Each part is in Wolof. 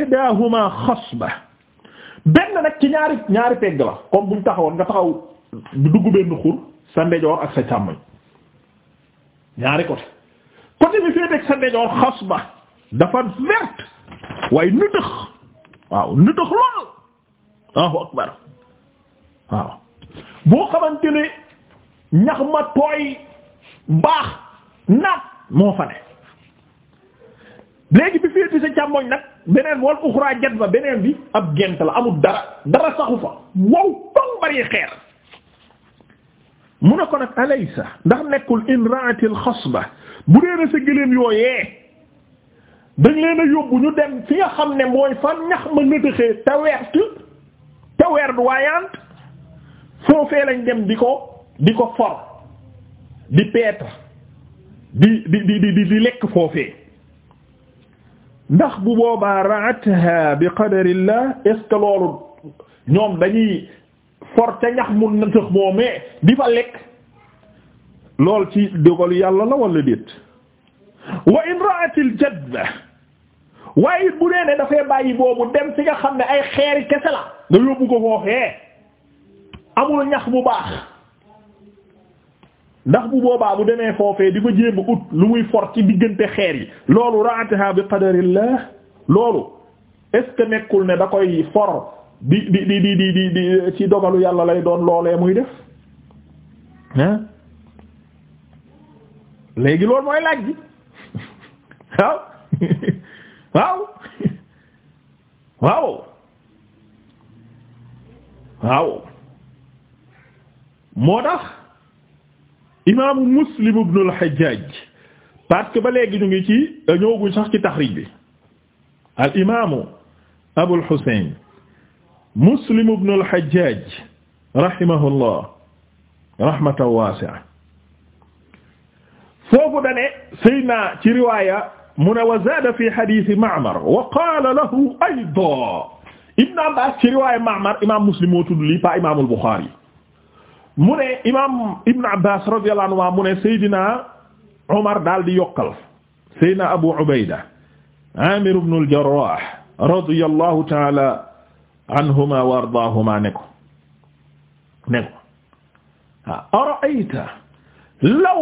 ihdahuma xasba benn nag ci ñaari ñaari pegg taxawoon nga taxaw dugg benn ak sa càmmoñ ñaari côté côté bi féete ak dafa verte waaye nëtëx waaw nëtëx lool Allahu akbar waaw boo xamante ne ñax ma tooy baax naat moo fa ne léegi bi féete sa càmmoñ nag beneen wal uxra jadba beneen bi ab gent la amul dara dara saxu fa wow kon bari xeer mu ne ko nag alaysa ndax nekkul in ra'at al xasba bu dee na sa gëléem yooyee dañ leen a yóbbu ñu dem fi nga xam ne mooy fan ñax ma nëtëxee te wert te werd waayant foofee lañ dem di ko di ko for di peetre di di di di lekk foofe ndax bu boobaa raatha bi qadarillah est ce loolu ñoom dañuy for ca ñax mun na tëx moomee di fa lekk lool ci dogalu yàlla la wala déet wa in raatil jadba waaye it bu nee ne dafay bàyyi boobu dem fi nga xam ne ay xeeri kese la nga yóbbu ko fooxee amul ñax bu baax ndax bu boobaa bu demee foofee di ko jéem ut lu muy for ci diggante xeer yi loolu raataha bi qadarillah loolu est nekkul ne da koy for di di di di di di ci dogalu yàlla lay doon loolee muy def ah léegi loolu mooy laaj bi waaw waaw waaw moo tax imaamu muslim ibnul hajjaaj parce que ba léegi ñu ngi ci ñëwaguñ sax ci taxriij bi al imaamu abul husayn muslim ibnul hajjaaj rahimahullah rahmatan waasi'a foofu dane sayyidina ci riwaaya mu ne wa zaada fi hadiisi Ma'mar wa qaala lahu aydan ibn Abbaas ci riwaaya Ma'mar imaam muslim moo tudd lii pa imaamul Buxaari mu ne imaam Ibn Abbas radiyallahu anhu mu ne Seydina Omar daal di yokkal Seydina Abu Ubayda Amir ibn al-Jarrah radiyallahu ta'ala anhuma wa ardaahuma ne ko ne ko ara'ayta law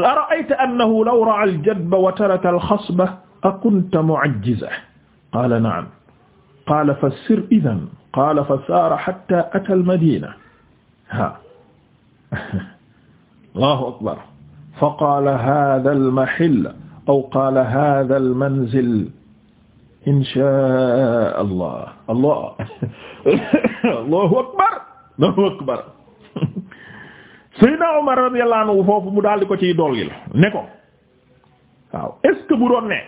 ara'ayta annahu law ra'a al-jadba wa taraka al-khasba akunta mu'ajjiza qala na'am qala fassir idhan qala fasara hatta ata al-madina ha allahu akbar fa qaala hada almahill aw qaala hada almanzil inshaa allah allah allahu akbar allahu akbar sayyidina Umar radiyallahu anhu foofu mu daal di ko ciy dollil ne ko waaw est-ce que bu doon ne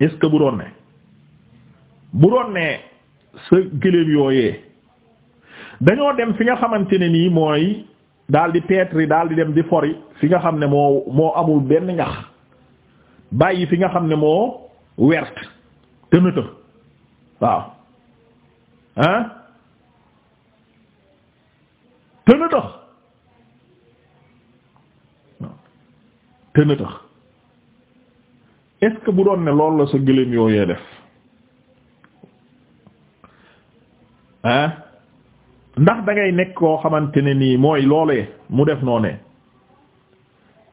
est-ce que bu doon ne bu doon ne sa gëléem yooyee dañoo dem fi nga xamante ne nii mooy daal di pétri daal di dem di fori fi nga xam ne moo moo amul benn ñax bàyyi fi nga xam ne moo wert te waaw ah te nëtëx te bu doon ne loolu la sa gëléem yooyee def ah ndax dangay nekk koo xamante ne nii mooy loole mu def noone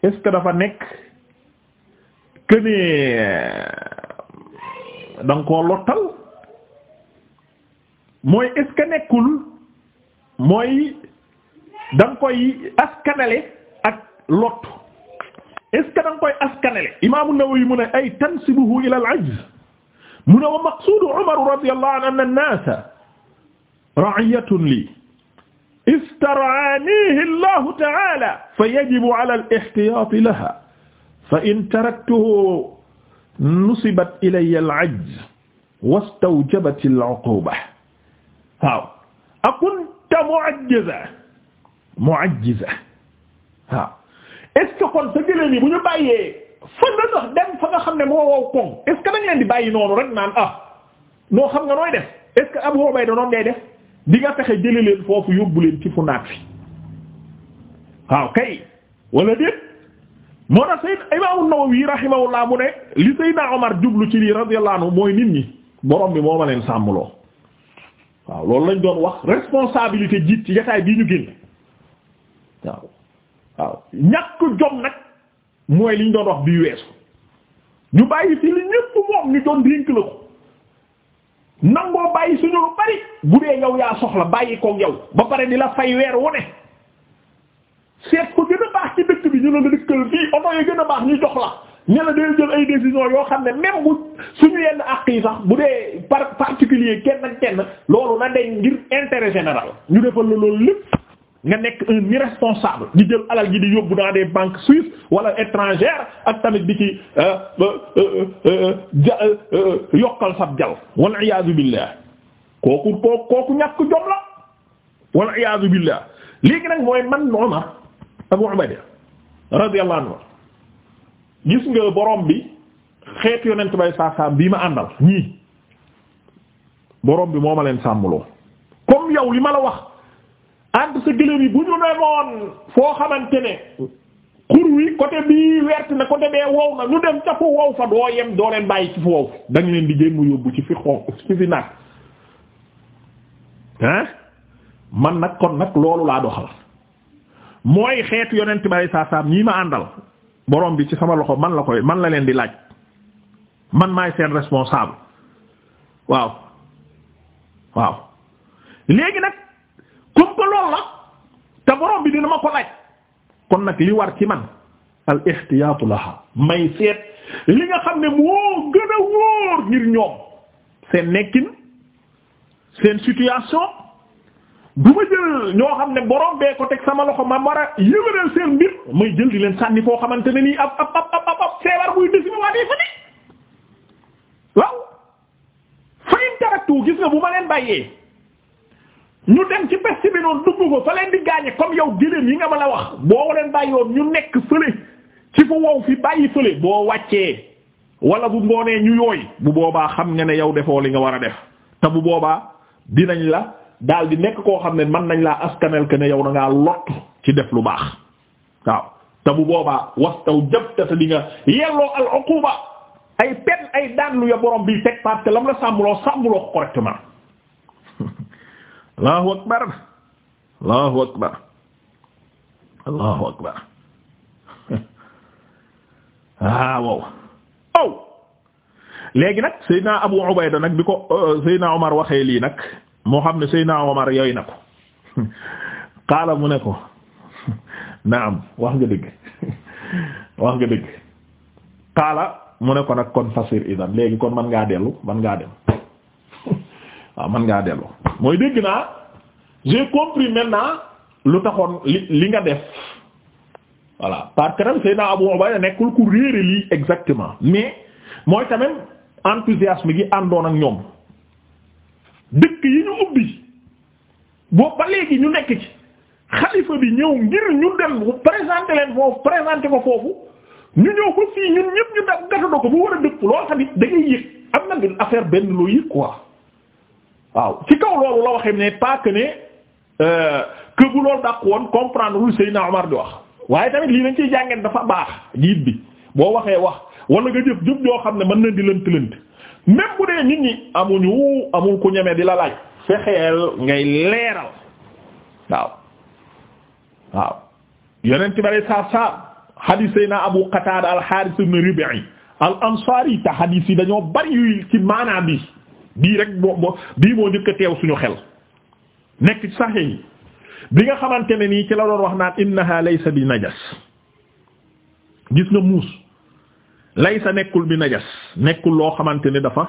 ne dafa nekk que ne euh, da koo lottal mooy est-ce que nekkul mooy da nga koy askanale ak lot est-ce que koy askanale imaamu Nawawi mu ne ay tansibuhu ila al mu ne wa maqsuudu Umar radiyallahu an-naasa ra'iyatun lii istar'aanihi Allahu ta'aala fa yajibu 'ala al-ihtiyaati lahaa fa in taraktuhu nusibat ilayya al-'ajz wastawjabat al-'uquuba waaw akunta mu'ajjizan mu'ajjizan waaw est ce que kon sa gëléem yi bu ñu bàyyee fa nga sax dem fa nga xam ne moo wow koŋ est ce que dañ leen di bàyyi noonu rek naan ah noo xam nga nooy def est ce que Abu Ubayda noonu ngay def di nga fexe jële leen foofu yóbbu leen ci fu naat fi waaw kay wala déet moo tax Sayyid Imam An-Nawawi rahimahullah mu ne li Sayyidna Omar jublu ci lii radiyallahu mooy nit ñi borom bi moo ma leen sàmmloo waaw loolu lañ doon wax responsabilité jiit ci jataay bii ñu génn waaw waaw ñàkk jom nag mooy liñ doon wax bii weesu ñu bàyyi ci li ñépp moom ñu doon dénk la ko nangoo bàyyi suñu lu bari bu dee yow yaa soxla bàyyi ko yow ba pare di la fay weer wu ne seet ko gën a baax ci dëkk bi ñu la dëkkal fii oto yi gën a baax ñu jox la ne la day jël ay décision yoo xam ne même bu suñu yenn àq yi sax bu dee par particulier kenn ak kenn loolu na deñ ngir intere général ñu defal la loolu lépp nga nekk un irresponsable di jël alal ji di yóbbu naa des banques suisses wala étrangères ak tamit bi ci euh, euh, euh, ja yokkal sab jal wal iyaazu billah kooku kooku ñàkk jom la wal iyaazu billah léegi nag mooy man Umar Abu Ubayda radiyallahu anhu gis nga borom bi xeet yonent bay saasaam bii ma àndal ñii borom bi moo ma leen sàmmuloo comme yow li ma la wax entre sa gëléem yi bu ñu demoon foo xamante ne xur wi côté bii wert na côté bee wow na ñu dem ca fu wow fa doo yem doo leen bàyyi ci fu wow da nga leen di génn yóbbu ci fi xon ci fi nag ah man nag kon nag loolu laa doxal mooy xeet yonent bari saa saam ñii ma àndal borom bi ci sama loxo man la koy man la leen di laaj man maay seen responsable waaw waaw léegi nag comme que loolu la te borom bi dina ma ko laaj kon nag li war ci man al ihtiyaatu laha may seet li nga xam ne moo gën a wóor ngir ñoom seen nekkin seen situation du ma jël ñoo xam ne borom bee ko teg sama loxo ma war a yëngal seen mbir may jël di leen sànni foo xamante ne nii ab ab ab ab ab feebar buy desi ma waa fa ne waaw fa in gis nga bu ma leen bàyyee. ñu dem ci peste bi noonu dugg ko fa leen di gaañe comme yow gëléem yi nga mën a wax boo leen bàyyi woon ñu nekk fële ci fu wow fi bàyyi fële boo wàccee wala bu ngoonee ñu yooy bu boobaa xam nga ne yow defoo li nga war a def te bu boobaa dinañ la daal di nekk koo xam ne man nañ laa askanel que ne yow da ngaa lott ci def lu baax waaw te bu boobaa wastaw jabtata di nga yelloo al uquba ay pen ay daan lu ya borom bi teg parce que lam la sàmmuloo sàmmuloo correctement allahu akbar allahu akbar allahu akbar ah wow oh. léegi nag Seydina Abu Ubayda nag bi ko euh, Seydina Omar waxee lii nag moo xam ne Seydina Omar yooy na ko qaala mu ne ko naam wax nga dëgg wax nga dëgg qaala mu ne ko nag kon fasir idan léegi kon man ngaa dellu man ngaa dem waaw man ngaa dellu mooy dégg naa j'ai compris maintenant lu taxoon li li nga def voilà parce que nag naa Abu Ubayda nekkul ku réere lii exactement mais mooy tamit enthousiasme gi àndoon ak ñoom dëkk yi ñu ubbi boobu ba léegi ñu nekk ci xalifa bi ñëw ngir ñu dem présenter leen foofu présenter ko foofu ñu ñëw ko fii ñun ñëpp ñu def ko bu war a dëpp lool tamit da ngay yëg am na affaire benn loo yëg quoi. waaw ci kaw loolu la waxee ne pas que ne euh, que bu loolu dàq woon comprendre lu Seydina Omar di wax waaye tamit lii dañ ciy jàngeen dafa baax jiit bi boo waxee wax wala nga jëf jëf joo xam ne mën na di lënt lënt même bu dee nit ñi amuñu amul ku ñeme di la laaj fexeel ngay leeral waaw waaw yonent bi alay saab saab xadiis Seydina Abu Qatada al Harith ibn Rib'i al Ansari te xadiis yi dañoo bari yuy ci maanaam bi bii rek boo boo bii moo njëkk teew suñu xel nekk ci yi bi nga xamante ne nii ci la doon wax naan innaha laysa bi najas gis nga muus laysa nekkul bi najas nekkul loo xamante ne dafa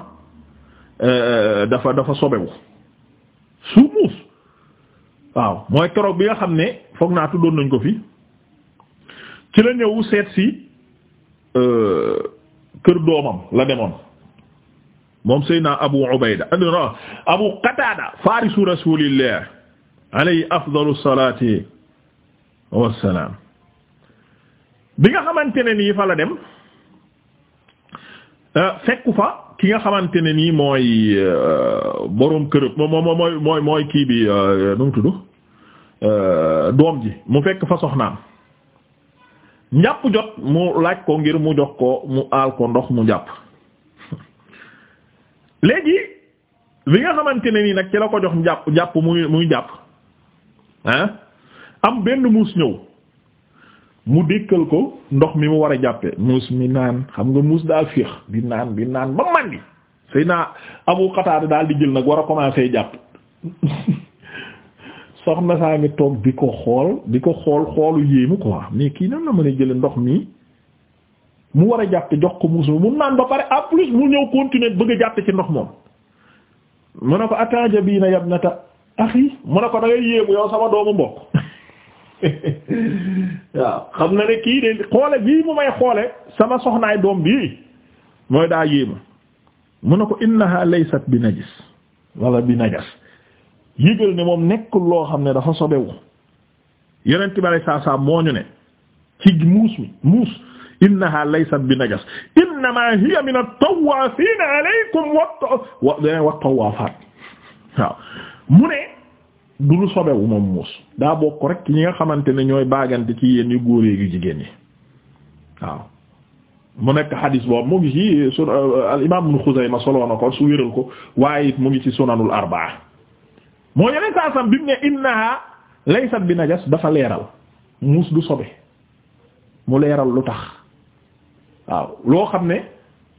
euh, dafa dafa sobewu su muus waaw mooy keroog bi nga xam ne foog naa tuddoon nañ ko fi ci la ñëw seet si euh, kër doomam la demoon moom Seydina Abu Ubayda adna Abu Qatada farisu rasulillah alayhi afdalu salati bi nga xamante ne nii fa dem euh, fekku fa ki nga xamante ne nii mooy euh, boroom kërëb mooy mooy mooy kii bi euh, nu tudd doom ji mu fekk fa soxnaam njàpp jot mu laaj ko ngir mu jox ko mu aal ko ndox mu jàpp léegi li nga xamante ne nii nag ci la ko jox njàpp njàpp muy muy jàpp ah am benn muus ñëw mu dékkal ko ndox mi mu war a jàppe muus mi naan xam nga muus daa féex di naan bi naan ba mandi sëy naa Abu Qatada daal di jël nag war a commencer jàpp soxna saa ngi toog di ko xool di ko xool xoolu yéemu quoi mais kii nan la mën a jële ndox mi mu war a jàpp jox ko muus mu naan ba pare en plus mu ñëw continuer bëgg a jàpp ci ndox moom mu ne ko atajabiina yabnata axi mu ne ko da ngay yéemu yow sama doomu mbokk waaw xam na ne kii de xoole bii sama soxnaay doom bii mooy daa yéemu mu ne ko innaha laysat bi najis walla bi najas yëgal ne moom nekkul loo xam ne dafa sobewu yeneen tibaray saa saa moo ñu ne ci muus mi muus innaha laysat bi najas innama hiya min at-tawafin alaykum wa wa tawafat waaw mu ne du lu sobewu moom muus daa bokk rek ñi nga xamante ne ñooy baagante ci yéen yu góoree yu jigéen ñi waaw mu nekk xadis boobu mu ngi ci euh, su euh, al imam ko su wéral ko waaye mu ngi ci sunanul arbaa moo yeneen saa sam bi mu ne innaha laysat bi najas dafa leeral muus du sobe mu leeral lu tax waaw loo xam ne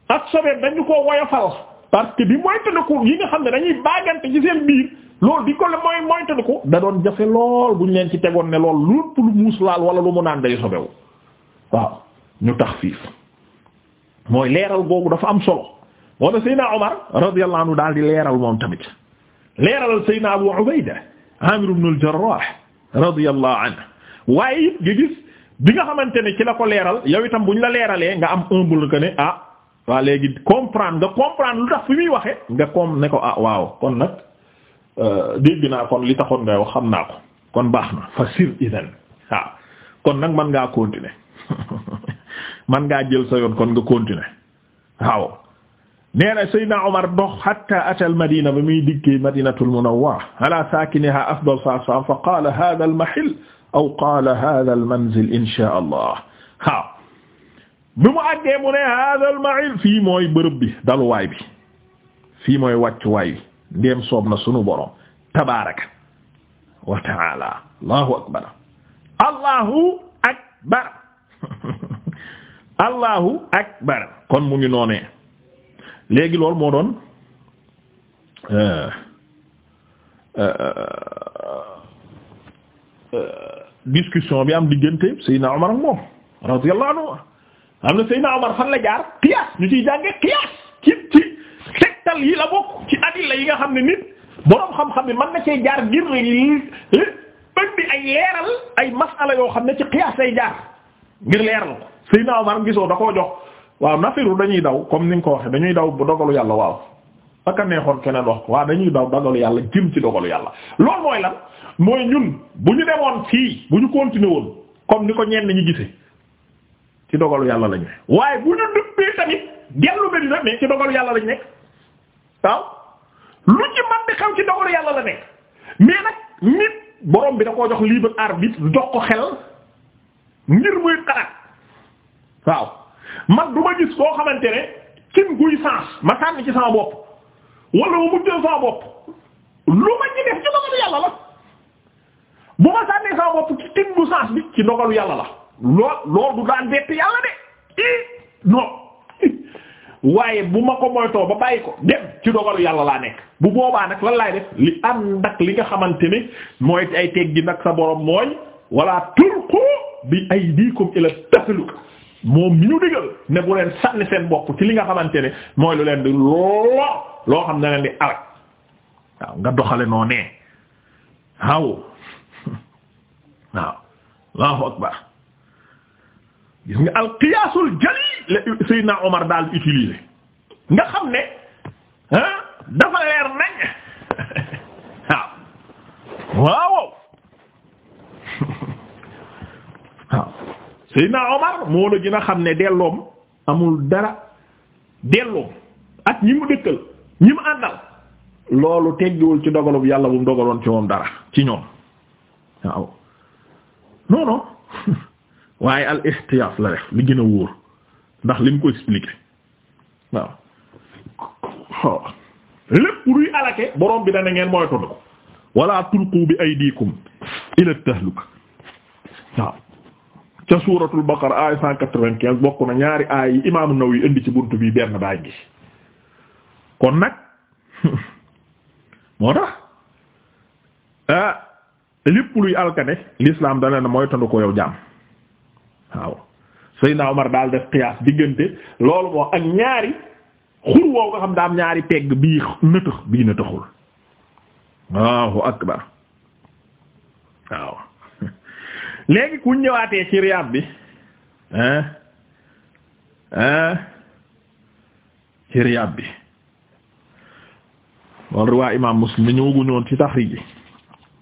ak sobe dañu ko woyofal parce que bi moytandiku yi nga xam ne dañuy baagante ci seen biir loolu di ko le mooy moytandiku da doon jafe lool buñ leen ci tegoon ne lool lépp lu muus laal wala lu mu naan day sobewu waaw ñu tax fiif mooy leeral googu dafa am solo moo tax Seydina Omar radiyallahu anhu daal di leeral moom tamit leeralal Seydina Abu Ubayda Amir ibn al-Jarrah radiyallahu waaye it nga gis bi nga xamante ne ci la ko leeral yow itam bu ñu la leeralee nga am humble que ne ah waa léegi comprendre nga comprendre lu tax fi muy waxee nga comme ne ko ah waaw kon nag euh, dégg naa kon li taxoon ngay wax xam naa ko kon baax na fa sir idan waaw kon nag man ngaa continuer man ngaa jël sa yoon kon nga continuer waaw nee na Seydina Omar dox hatta ata almadina ba muy dikkee madinatu almunawwara ala saakiniha afdal saa saam fa qaala hada almahil aw qaala hada almanzil inshaa allah waaw bi mu àggee mu ne hada almahil fii mooy bërëb bi daluwaay bi fii mooy wàccuwaay bi ndéem soob na sunu borom tabaraka wa taala allahu akbar allahu akbar allahu akbar kon mu ngi noonee léegi loolu moo doon euh, euh, euh, discussion bi am diggante Seydina Omar ak moom radiyallahu anhu am na Seydina Omar fan la jaar qiyaas ñu ciy jànge qiyaas ci ci tegtal yi la bokk ci adilla yi nga xam ne nit boroom xam-xam ne mën na cee jaar ngir indi ay leeral ay masala yoo xam ne ci qiyaas lay jaar ngir leeral ko Seydina Omar gisoo da koo jox waaw nafiru dañuy daw comme ni nga ko waxee dañuy daw dogalu yàlla waaw aka neexoon keneen wax ko dañuy daw dogalu yàlla jëm ci dogalu yàlla loolu mooy lan mooy ñun bu ñu demoon fii bu ñu continuer woon comme ni ko ñenn ñi gisee ci dogalu yàlla lañ ne waaye bu ñu dubbee tamit dellu ba dina mais ci dogalu yàlla lañ nekk waaw lu ci man di xaw ci dogalu yàlla la nekk mais nag nit borom bi da koo jox libre arbitre jox ko xel ngir muy xalaat waaw man du ma gis koo xamante ne cin guy sens ma sànni ci sama bopp wala ma mujjee sama bopp lu ma ci ci ndogalu yàlla la bu ma du daan bett yàlla de i non waaye bu ma ko moytoo ba bàyyi ko dem ci dogalu yàlla laa nekk bu boobaa nag lan laay def li ànd ak li nga xamante ne mooy ay teggi nag sa borom mooy wala tulqu bi aydikum ila tahluka moom mi ñu digal ne bu leen sànni seen bopp ci li nga xamante ne mooy lu leen di loo loo xam ne leen di alak waaw nga doxale noo nee waaw waaw Allahu akbar gis nga alqiyaasul jali la Seydina Omar daal utiliser nga xam ne dafa leer nañ waaw Seydina Omar moo na gën a xam ne delloom amul dara delloom ak ñi mu dëkkal ñi mu àndal loolu teggiwul ci dogalub yàlla bu mu dogaloon ci moom dara ci ñoom waaw non non waaye al la def li gën a wóor ndax li mu ko expliqué waaw lépp luy alake borom bi dana ngeen mooy tund ko wala tulqu bi aydikum ila tahluka waaw ca suuratul baqara aaya cent quatre-vingt-quinze bokk na ñaari aay yi imaamu Nawawi indi ci buntu bi benn baa ngi kon nag moo tax ah lépp luy alkane l'islam dana ne mooy tandu ko yow jaam waaw Seydina Omar daal def qiyaas diggante loolu moo ak ñaari xur woow nga xam daam ñaari pegg bii nëtëx bii nëtëxul Allahu akbar waaw léegi ku ñëwaatee ci riyaad bi hein hein ci riyaad bi loolu riwaa imaam muslim bi ñëwagu ci taxriij yi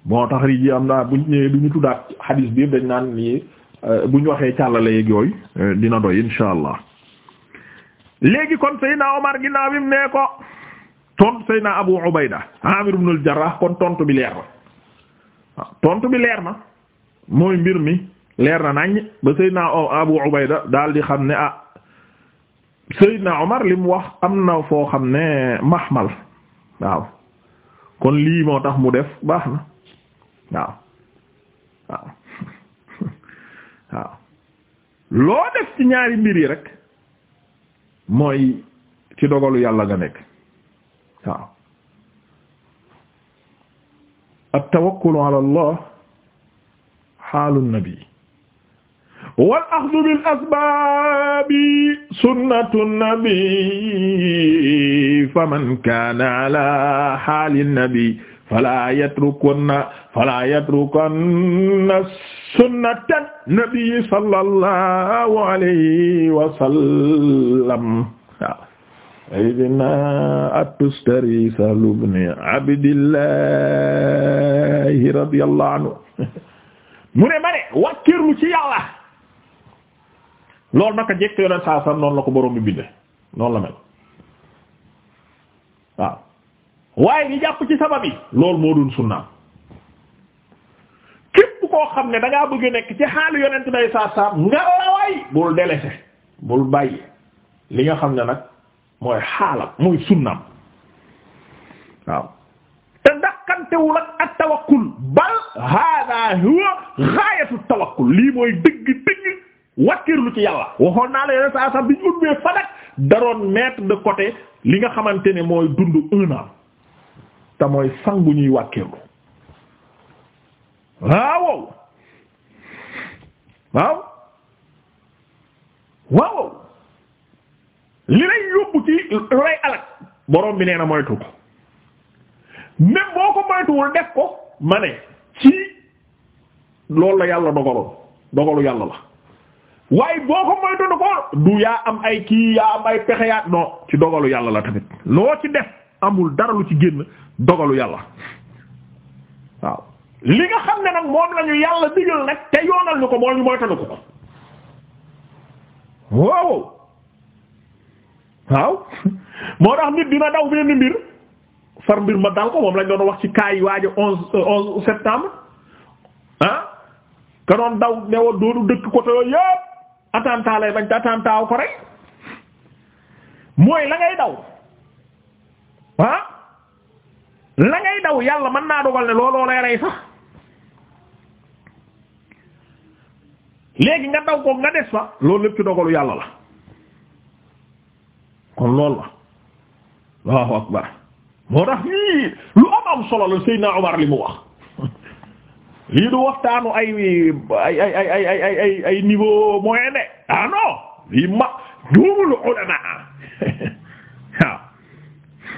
bon taxriij yi am naa buñ ñëwee du ñu tuddaat xadiis bi dañ naan nii euh, buñ waxee càllale yeeg euh, dina doy insha léegi kon Seydina Omar ginnaaw bi mu nee ko ton Seydina Abu Ubayda Amir ibn al-Jarrah kon tontu bi leer na tontu bi leer na mooy mbir mi leer na nañ ba Seydina Abu Ubayda daal di xam ne ah Seydina Omar li wax am na foo xam ne mahmal waaw kon lii moo tax mu def baax na waaw waaw loo def ci ñaari mbir yi rek mooy ci dogalu yàlla nga nekk waaw at tawakkulu ala xaalu nabi wal axdu bil asbaabi sunnatu nabi faman kaana ala xaali nabi fala yatrukanna fala yatrukanna sunnata nabi sallallahu alayhi wa sallam sayyidina at-Tustari Sahl ibn Abdillah radiyallahu anhu mu ne ma ne wàkkirlu ci yàlla loolu naka jekk yoneen saa san noonu la ko borom bi binde noonu la mel waaw waaye di jàpp ci sabab yi loolu moo doon sunnaam képp koo xam ne da ngaa nekk ci xaalu yonent nay saa saam nga waay bul délaissé bul bàyyi li nga xam ne nag mooy xaalam mooy sunnaam waaw werantewul ak ak ci yàlla waxoon naa la yeneen li nga xamante ne mooy dund un an te mooy sangu ñuy wakkirlu waaw waaw waaw li lay yóbbu ci lay alak borom bi nee na mooy tukk même boo ko moytuwul def ko ma ne ci loolu la yàlla dogaloon dogalu yàlla la waaye boo ko moytu na ko du yaa am ay kii yaa am ay pexe yaa non ci dogalu yàlla la tamit loo ci def amul dara lu ci génn dogalu yàlla waaw li nga xam ne nag moom lañu yàlla digal nag te yoonal ñu ko moo ñu moytandiku ko waaw waaw moo tax nit dina daw benn mbir far mbir ma dal ko moom lañ doon wax ci kaay waajo onze euh, onze septembre ah ka doon daw ne woon doonu dëkk côté yooyu yëpp attentat lay bañ te attentat ko rek mooy la ngay daw la ngay daw yàlla mën naa dogal ne looloo lay rey sax léegi nga daw ko nga des fa loolu lépp ci dogalu yàlla la kon loolu la Allahu akbar moo tax lii lu am am solo la Seydina Omar li mu wax lii du waxtaanu ay niveau moyen de ah non lii ma duumul ulama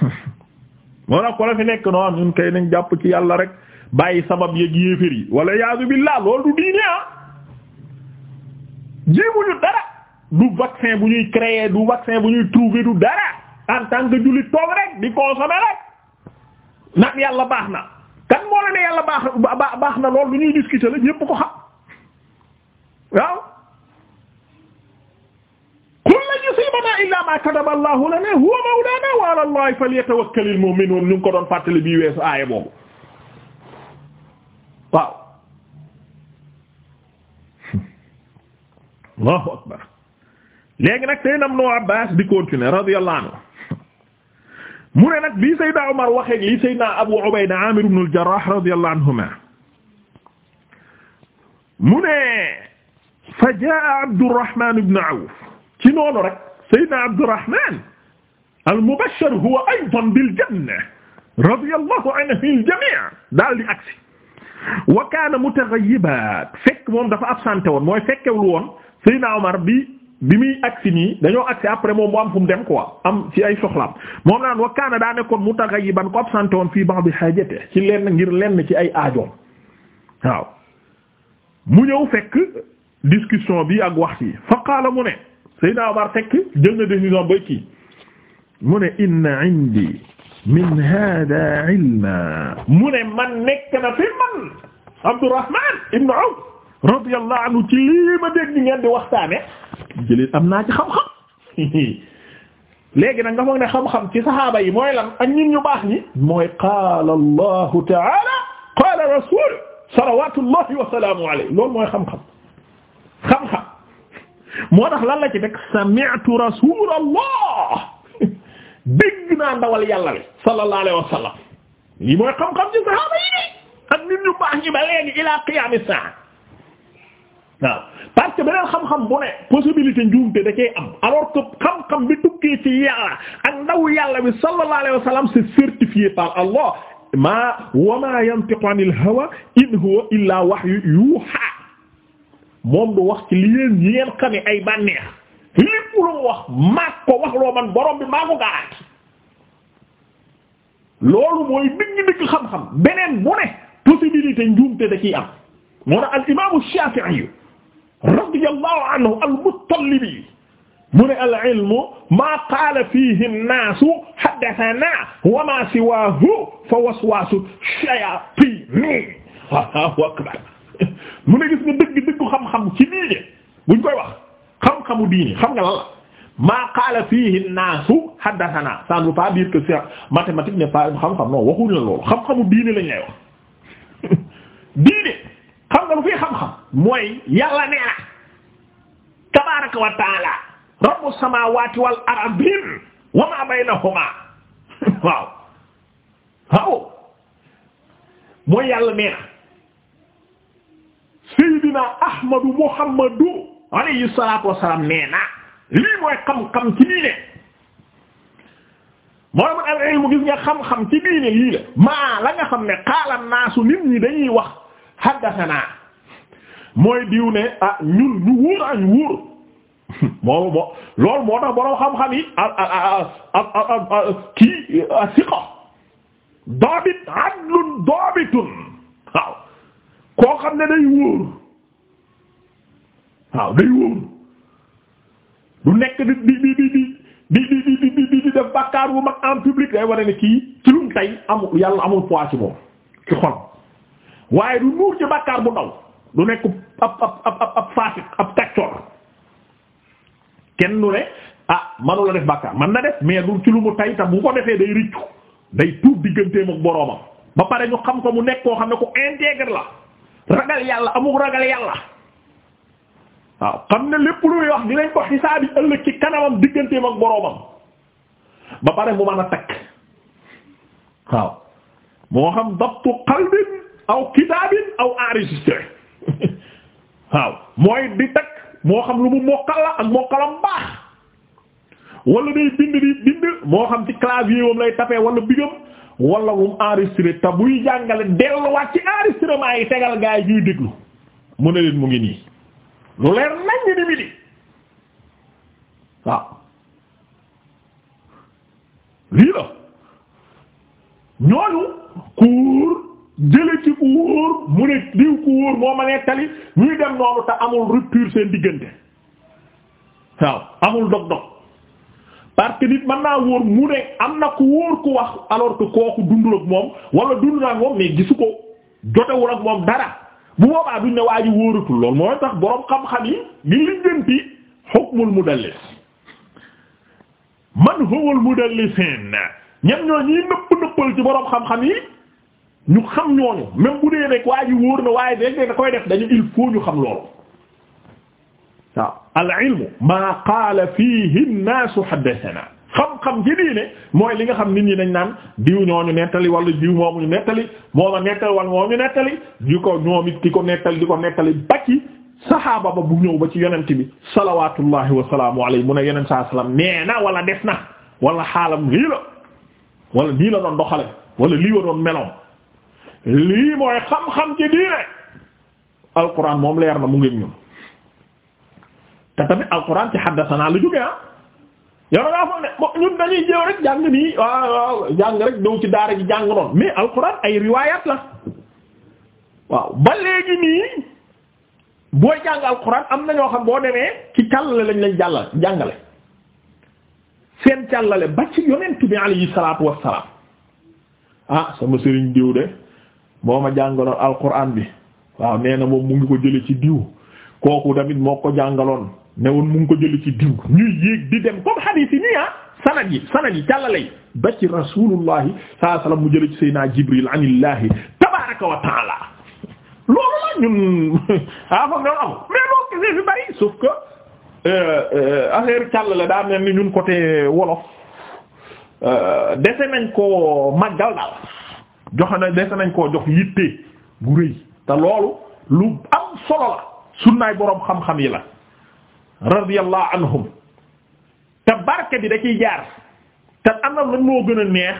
waaw moo tax ko la fi nekk noonu ñun kay nañ jàpp ci yàlla rek bàyyi sabab yëg yéeféer yi wala yaazu billah loolu du diine ah jéemuñu dara du vaccin bu ñuy créer du vaccin bu ñuy trouver du dara en tant que jullit toog rek di consommer rek naan yàlla baax na kan moo la ne yàlla baax na lool lu ñuy discuter la ñépp ko xam waaw qul lan yusiibanaa illaa maa kataba Allahu lanaa huwa wa alaa Allahi falyatawakkalil mu'minuun ñu ngi ko doon fàttali bii weesu aaya boobu waaw Allahu akbar léegi nag Seydina Ibnu Abbaas di continuer radiyallahu anhu mu ne nag bii Seydina Omar waxee lii Seydina Abu Ubayda Amir ibn al-Jarrah radiyallahu anhuma mu ne fa jaa Abdurrahman ibn Awf ci noonu rek Seydina Abdurrahman al-mubashshar huwa aydan bil janna radiyallahu anhu al-jami' daal di agsi wa kaana mutaghayyiban fekk moom dafa absenté woon mooy fekkewul woon Seydina Omar bi bi muy agsi nii dañoo agsi après moom mu am fu mu dem quoi am ci ay soxlaam moom naan wa kaana daa nekkoon mutaghayyiban ko absenté woon fii ba'd haajati ci lenn ngir lenn ci ay aajoom waaw mu ñëw fekk discussion bi ak wax yi fa qaala mu ne Seydina Omar fekk jël na décision bay kii mu ne inna indi min hada mu ne man nekk na fi man Abdurrahman ibn Awf radiyallahu ci lii ma dégg ngeen di waxtaane jëlee am naa ci xam-xam léegi nag nga foog ne xam-xam ci saxaaba yi mooy lan ak ñun mooy qaala allahu taala qaala rasul salawatullahi wa salaamu alayhi loolu mooy xam-xam xam-xam moo tax lan la ci rek sami'tu rasulallah dégg naa ndawal yàlla li wa sallam lii mooy xam-xam ci saxaaba yi ak ñun ñu baax ñi ba waaw parce que beneen xam-xam bu ne njuumte da cee am alors que xam bi tukkee ci yàlla ak ndaw yàlla bi sallallahu alayhi wa sallam c'est certifié par Allah ma wa ma yantiqu anil hawa in huwa illa wahyu yuha moom du wax ci li leen ñeen ay bànneex lépp lu wax maa ko wax loo man borom bi maa ko garat loolu mooy digg-digg xam-xam beneen njuumte da ciy am moo tax al imaamu radiyallahu anhu al-Muttalibi mu ne al-ilmu maa qaala fiihi an-naasu haddathanaa wa maa siwaahu fa waswaasu shayaatiin Allahu akbar mu ne gis nga dëgg dëggu xam-xam ci diine buñ koy wax xam-xamu diine xam nga lan la maa qaala fiihi an-naasu haddathanaa ça ne veut pas dire que c'est mathématique n'est pas xam-xam non waxuñu la loolu xam-xamu diine lañ lay wax diine xam nga lu fi xam-xam mooy yàlla nee na tabaaraka wa rabbu samaawaati wal ma baynahumaa waaw waaw mooy yàlla nee na Seydina Ahmadu Muhammadu alayhi salaatu wa nee na lii mooy xam-xam ci diine mooy mu al ilmu gis nga xam-xam ci diine lii la maa la nga xam ne qaala naasu nit ñi dañuy wax. haddasanaa mooy diw ne ah ñun ñu wóor añ wóor moom moo loolu moo tax borom xam-xam yi a a kii siqa daabit adlun daabitun waaw koo xam ne day wóor waaw day wóor du nekk di di di di di di di di di di di def bàkkaar bu mag en public day war a ne kii ci lum tey amul yàlla amul poids ci moom ci xol waaye du nuur ci bàkkaar bu ndaw du nekk ab ab ab ab ab kaccoor kenn du ne ah manu la def bàkkaar man na def mais du ci lu mu tay ta bu ko defee day riccu day tuub digganteem ak boroomam ba pare ñu xam ko mu nekk koo xam ne ku intègre la ragal yàlla amul ragal yàlla waaw xam ne lépp luy wax dinañ ko xisaabi ëllëg ci kanamam digganteem ak boroomam pare mu mën a takk waaw moo xam dabtu qalbin aw kitaabin aw enregistré waaw mooy di teg moo xam lu mu mokkal la ak mokkalam baax wala day bind di bind moo xam ci clavier wam lay tapé wala bigam wala wum enregistré te buy jàngale delluwaat ci enregistrement yi tegal gaa yi ñuy déglu mu ne leen mu ngi nii lu leer nañ ni mi di waaw lii la ñooñu kuur jële ci ku wóor mu ne diw ku wóor moo ma nettali ñuy dem noonu te amul rupture seen diggante waaw amul dog-dog parce que nit mën naa wóor mu ne am na ku wóor ku wax alors que kooku dundul ak moom wala dundul ak moom mais gisu ko jotewul ak moom dara bu boobaa duñ ne waa ji wóoratul lool mooy tax boroom xam-xam yi ngi lijjanti hukmul mudallis man huwal mudallisin ñam ñoo ñi nëpp nëppal ci boroom xam-xam yi ñu xam ñooñu même bu dee rek waa waaye rek da koy def dañu il faut ñu xam loolu waaw al ilmu maa qaala fiihi nnaasu haddathana xam-xam ci diine mooy li nga xam nit ñi dañ naan diw ñooñu nettali wala diw moomu ñu nettali mooma nettali wala moomu nettali di ko ñoom it di ko nettali di ba ci saxaaba ba bu ñëw ba ci yonent bi salawaatullahi wa salaamu alayhi mu ne yonent saa salaam nee na wala def na wala xaalam lii la wala nii la doon doxale wala lii la doon lii mooy xam-xam ci diine alquran moom leer na mu ngi ñun te tamit alquran ci xaddasanaa lu jóge ah yow da ngaa foog ne bon ñun dañuy jéew rek jàng nii waaw waaw jàng rek dow ci daara ji jàng noonu mais alquran ay riwayat la waaw ba léegi nii booy jàng alquran am na ñoo xam boo demee ci càllale lañ lay jàll jàngale seen càllale ba ci yonent bi alayhi salaatu wassalaam ah sama sëriñ diw de moo ma jàngaloon alquran bi waaw nee na moom mu ngi ko jële ci diw kooku tamit moo ko jàngaloon ne woon mu ngi ko jële ci diw ñuy yéeg di dem comme hadith yi nii ah sanad yi sanad yi càllalay ba ci rasulullahi sallallahu alayhi mu jële ci sayna jibril anillahi tabaraka wa taala loolu la ñun ah foog nga am mais boo gisee fi bari sauf que euh, euh, affaire càllale daa mel ni ñun côté wolof euh, dese nañ ko màggal daal joxe na des nañ koo jox yitte bu rëy te loolu lu am solo la sunnaay boroom xam-xam yi la radiyallahu anhum te barke bi da ciy jaar te am na lan moo gën a neex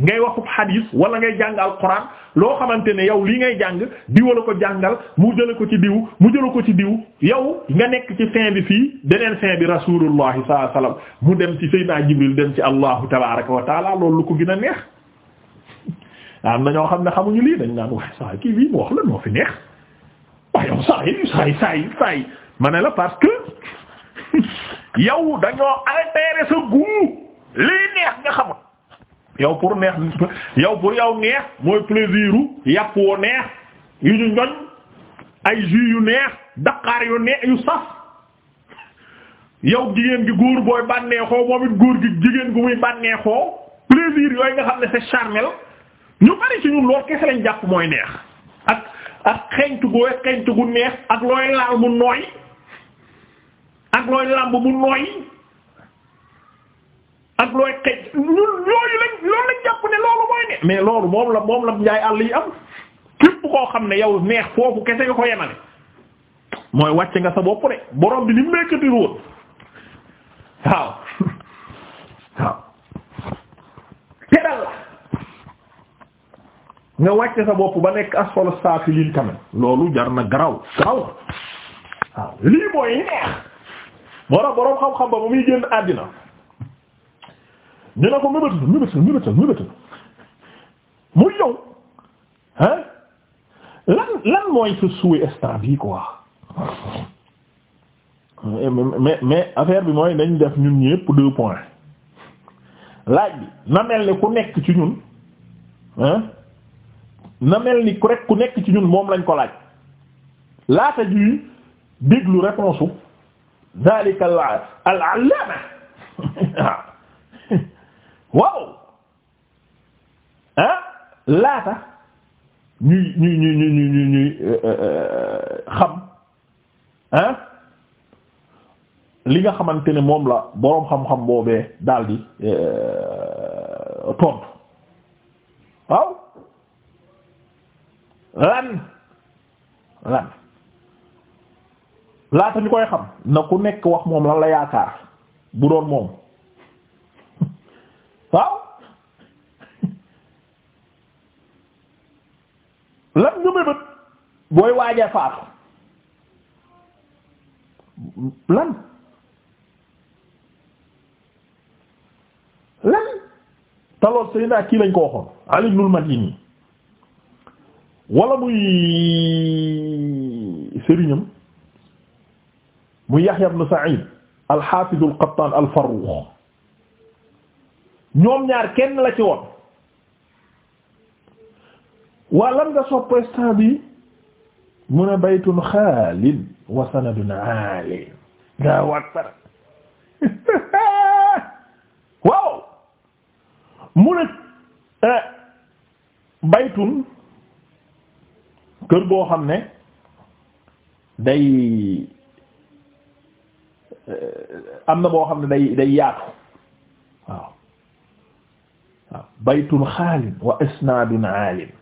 ngay waxub xadiis wala ngay jàng alquran loo xamante ni yow lii ngay jàng diwa la ko jàngal mu jële ko ci diw mu jële ko ci diw yow nga nekk ci fin bi fii beneen fin bi rasulullah sallallahu alayhi wasallam mu dem ci sayyidina jibril dem ci allahu tabaraka wa taala loolu lu ko gën a neex am na ñoo xam ne xamuñu lii dañ naan waaye saa kii bii mu wax la noo fi neex waaye yow saa yi saa yi yi saa yi ma ne la parce que yow dañoo altéré sa goût lii neex nga xamul yow pour neex yow pour yow neex mooy plaisir u yàpp woo neex yu ñu ay jus yu neex daqaar yu neex yu saf yow jigéen gi góor booy bànneexoo moom it góor gi jigéen gu muy bànneexoo plaisir yooyu nga xam ne c'est charnel ñu bari ci ñun lool kese lañ jàpp mooy neex ak ak xeeñtu gu xeeñtu gu neex ak looy laal mu nooy ak looy làmb mu nooy ak looy xeej loolu lañ jàpp ne loolu mooy ne mais loolu moom la moom la njaay àll yi am képp koo xam ne yow neex foofu kese nga ko yemale mooy wàcce nga sa bopp de borom bi ni mu mékkati woon waaw waaw nga wàcce sa bopp ba nekk asfal saafiliin quand même loolu jar na garaw garaw waaw lii mooy neex borom borom xam-xam ba ba muy génn àddina ñu ne ko mébétal mébétal mébétal mébétal muy mais affaire bi mooy dañ def ñun ñëpp deux points laaj bi na mel ni ku nekk ci ñun ah. na mel ni rek ku nekk ci ñun moom lañ ko laaj laata ñuy déglu réponse u dalika al allama waaw ah laata ñuy ñuy ñuy ñuy euh, euh, euh, xam ah li nga xamante ni moom la boroom xam-xam boobee daldi tontu waaw lan lan laata ñu koy xam na ku nekk wax moom lan la yaakaar bu doon moom waaw lan ñu mébét booy waaja faatu lan lan taloot Seydina kii lañ ko waxoon Ali ibn al-Madini wala muy sëriñam muy Yahya ibn Sa'id al-Hafiz al-Qattan al-Farrukh ñoom ñaar kenn la ci woon waa lan nga sopp instant bi mu ne xaalin wa sanadun aalin daa waat bar kër goo xam ne day euh, am na boo xam ne day day yaatu waaw waaw baytun xaalin wa isnaadun aalin